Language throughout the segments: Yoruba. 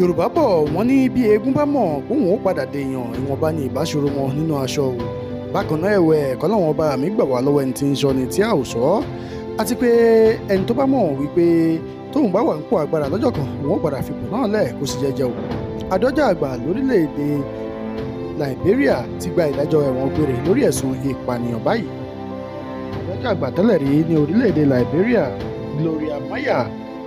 yorùbá bọ̀ wọ́n ní bí eégún bá mọ̀ bóun ó padà dèèyàn ìwọ̀nba ni ìbáṣọrò wọn nínú aṣọ o bákan náà ẹ̀wẹ̀ ẹ̀kọ́ làwọn ọba mi gbà wá lọ́wọ́ ẹni tí ń sọ ni tí a ò sọ àti pé ẹni tó bá mọ̀ wípé tóun bá wà ń pò agbára lọ́jọ́ kan òun ó padà fipò náà lẹ̀ kó sì jẹ́jẹ́ o adájọ́ àgbà lórílẹ̀‐èdè Liberia ti gba ìdájọ́ ẹ̀wọ̀n gbére lórí ẹ̀sùn ìpànìyàn báyìí adájọ́ àgbà tẹ́lẹ̀ rí ní orílẹ̀‐èdè Liberia Gloria Maya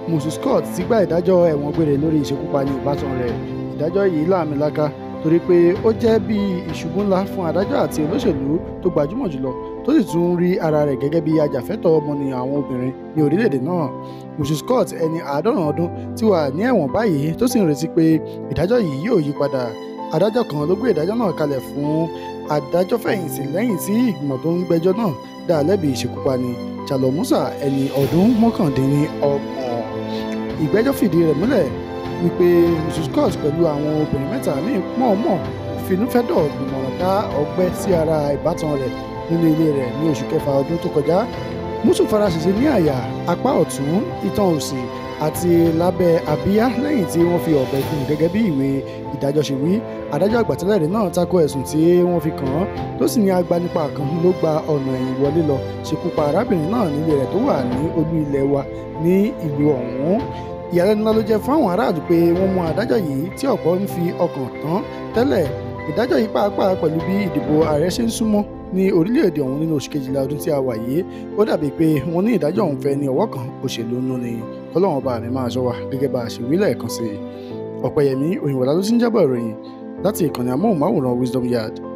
moses scott ti gba ìdájọ́ ẹ̀wọ̀n gbére lórí ìṣekúpani ìbátan rẹ̀ ìdájọ́ yìí láàmìlaka torí pé ó jẹ́ bí ìṣubú ńlá fún adájọ́ àti olóṣèlú tó gbajúmọ̀ jùlọ tó sì tún rí ara rẹ̀ gẹ́gẹ́ bí ajàfẹ́tọ̀ọ́ ọmọnìyàn àwọn obìnrin ní orílẹ̀-èdè náà moses scott ẹni àádọ́rùn ọdún ti wà ní ẹ̀wọ̀n báyìí tó sì ń retí pé ìdájọ́ yìí yóò yí padà adájọ́ kan ló gbé ìdájọ́ náà kalẹ̀ fún adájọ́ fẹ̀yìntì lẹ́yìn tí ìgbìmọ̀ tó ń gbẹ́jọ́ náà dá lẹ́bi ìṣekúpani Jallow Musa ẹni ọdún mọ́kàndínlọ́gbọ̀n ìgbẹ́jọ́ fìdí rẹ̀ múlẹ̀ wípé Mrs Scott pẹ̀lú àwọn obìnrin mẹ́ta míì mọ̀ọ́mọ̀ finúfẹ́dọ̀ gbìmọ̀ràn dá ọgbẹ́ sí ara ìbátan rẹ̀ nínú ilé rẹ̀ ní oṣù kẹfà ọdún tó kọjá Musu fara ṣèṣe ní àyà apá ọ̀tún itan òsì àti lábẹ́ àbíyá lẹ́yìn tí wọ́n fi ọ̀bẹ gún gẹ́gẹ́ bí ìwé ìdájọ́ ṣe wí adájọ́ àgbà tẹ́lẹ̀rí náà tako ẹ̀sùn tí wọ́n fi kàn án tó sì ní agbanipa kan ló gba ọ̀nà ẹ̀yìn wọlé lọ ṣekú pa arábìnrin náà nílé rẹ̀ tó wà ní olú ilẹ̀ wa ní ìlú ọ̀hún ìyàlẹ́nu ńlá ló jẹ́ fún àwọn aráàlú pé wọ́n mú adájọ́ yìí tí ọ̀pọ̀ ń fi ọkàn tán tẹ́lẹ̀ ìdájọ́ yìí pàápàá pẹ̀lú bí ìdìbò ààrẹ ṣe ń súnmọ́ ní orílẹ̀-èdè ọ̀hún nínú oṣù kejìlá ọdún tí a wà yìí ó dàbí pé wọ́n ní ìdájọ́ ọ̀hún fẹ́ ní ọwọ́ kan òṣèlú nù ni ọlọ́run ọba mi máa ṣọ́ wa gẹ́gẹ́ bá a ṣe wí lẹ́ẹ̀kan sí i ọ̀pẹ̀yẹmí òyìnbó lálọ́sí ń jábọ̀ ìròyìn láti ìkànnì amóhùnmáwòrán Wisdom Yard